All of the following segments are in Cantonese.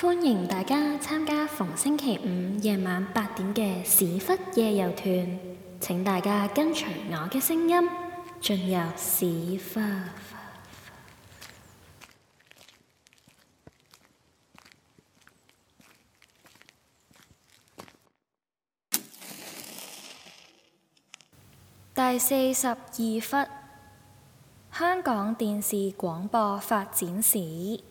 歡迎大家參加逢星期五夜晚八點嘅史窟夜遊團。請大家跟隨我嘅聲音進入史窟。第四十二窟，香港電視廣播發展史。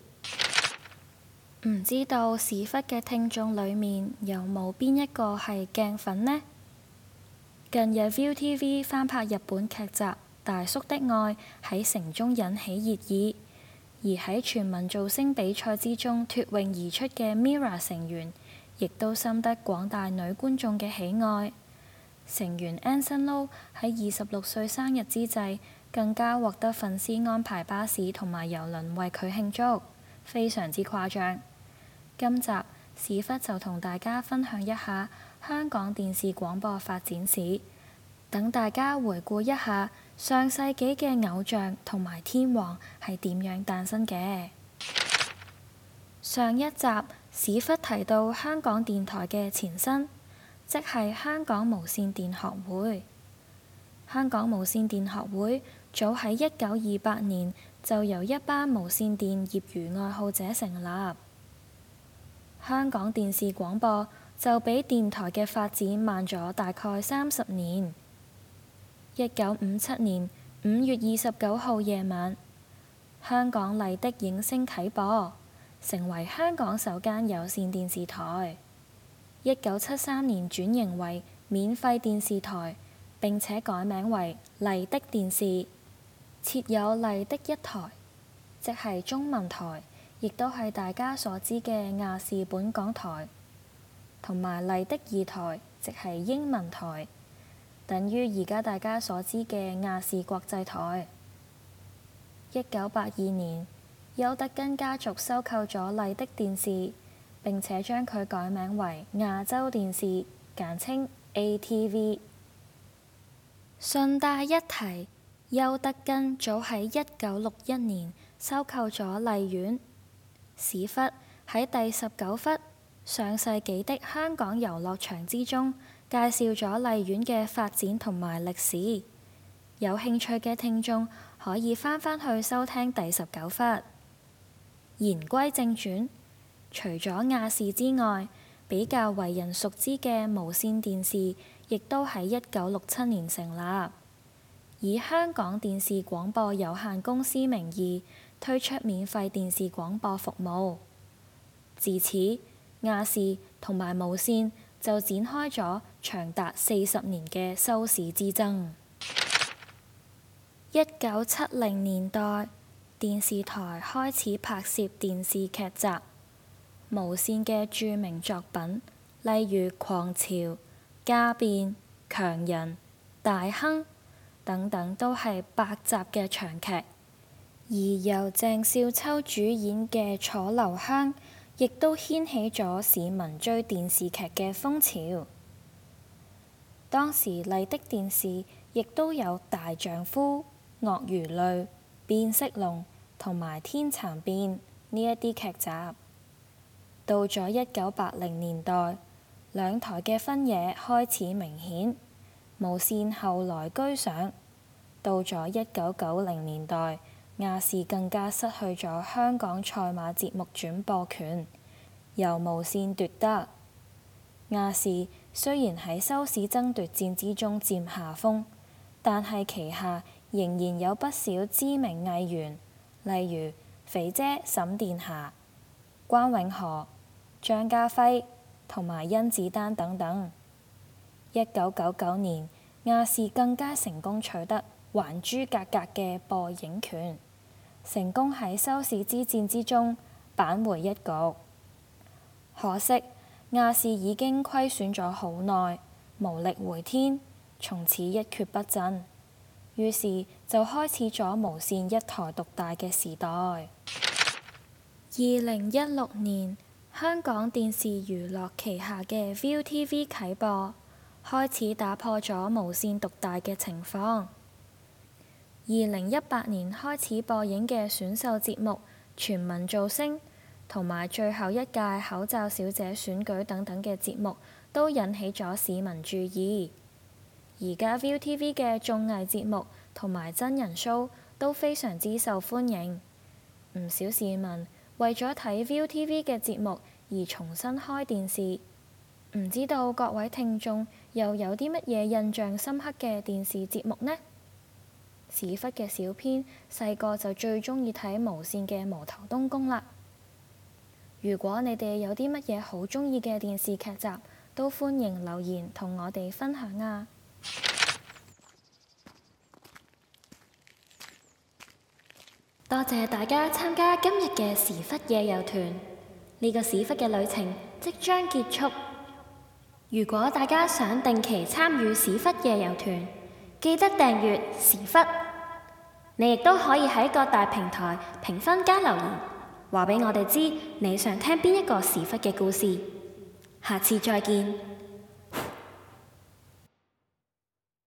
唔知道史窟嘅聽眾裡面有冇邊一個係鏡粉呢？近日 ViuTV 翻拍日本劇集《大叔的愛》喺城中引起熱議，而喺全民造星比賽之中脫穎而出嘅 Mirror 成員，亦都深得廣大女觀眾嘅喜愛。成員 Anson Lo 喺二十六歲生日之際，更加獲得粉絲安排巴士同埋郵輪為佢慶祝。非常之誇張。今集史窟就同大家分享一下香港電視廣播發展史，等大家回顧一下上世紀嘅偶像同埋天王係點樣誕生嘅。上一集史窟提到香港電台嘅前身，即係香港無線電學會。香港無線電學會早喺一九二八年，就由一班無線電業餘愛好者成立。香港電視廣播就比電台嘅發展慢咗大概三十年。一九五七年五月二十九號夜晚，香港麗的映聲啟播，成為香港首間有線電視台。一九七三年轉型為免費電視台，並且改名為麗的電視。設有麗的一台，即係中文台，亦都係大家所知嘅亞視本港台；同埋麗的二台，即係英文台，等於而家大家所知嘅亞視國際台。一九八二年，邱德根家族收購咗麗的電視，並且將佢改名為亞洲電視，簡稱 ATV。順帶一提。邱德根早喺一九六一年收購咗荔園。史窟喺第十九窟上世紀的香港遊樂場之中，介紹咗荔園嘅發展同埋歷史。有興趣嘅聽眾可以翻返去收聽第十九窟。言歸正傳，除咗亞視之外，比較為人熟知嘅無線電視，亦都喺一九六七年成立。以香港電視廣播有限公司名義推出免費電視廣播服務，自此亞視同埋無線就展開咗長達四十年嘅收視之爭。一九七零年代，電視台開始拍攝電視劇集，無線嘅著名作品例如《狂潮》、《家變》、《強人》、《大亨》。等等都係百集嘅長劇，而由鄭少秋主演嘅《楚留香》亦都掀起咗市民追電視劇嘅風潮。當時麗的電視亦都有《大丈夫》、《鱷魚淚》、《變色龍》同埋《天蠶變》呢一啲劇集。到咗一九八零年代，兩台嘅分野開始明顯。無線後來居上，到咗一九九零年代，亞視更加失去咗香港賽馬節目轉播權，由無線奪得。亞視雖然喺收視爭奪，奪戰之中佔下風，但係旗下仍然有不少知名藝員，例如肥姐、沈殿霞、關詠荷、張家輝同埋甄子丹等等。一九九九年，亞視更加成功取得《還珠格格》嘅播映權，成功喺收視之戰之中扳回一局。可惜亞視已經虧損咗好耐，無力回天，從此一蹶不振。於是就開始咗無線一台獨大嘅時代。二零一六年，香港電視娛樂旗下嘅 ViuTV 啟播。開始打破咗無線獨大嘅情況。二零一八年開始播映嘅選秀節目《全民造星》同埋最後一屆口罩小姐選舉等等嘅節目，都引起咗市民注意。而家 ViuTV 嘅綜藝節目同埋真人 show 都非常之受歡迎，唔少市民為咗睇 ViuTV 嘅節目而重新開電視。唔知道各位聽眾，又有啲乜嘢印象深刻嘅電視節目呢？史窟嘅小編細個就最鍾意睇無線嘅《無頭東宮》啦。如果你哋有啲乜嘢好鍾意嘅電視劇集，都歡迎留言同我哋分享啊！多謝大家參加今日嘅史窟夜遊團，呢個史窟嘅旅程即將結束。如果大家想定期參與史窟夜遊團，記得訂閱史窟。你亦都可以喺各大平台評分加留言，話俾我哋知你想聽邊一個史窟嘅故事。下次再見。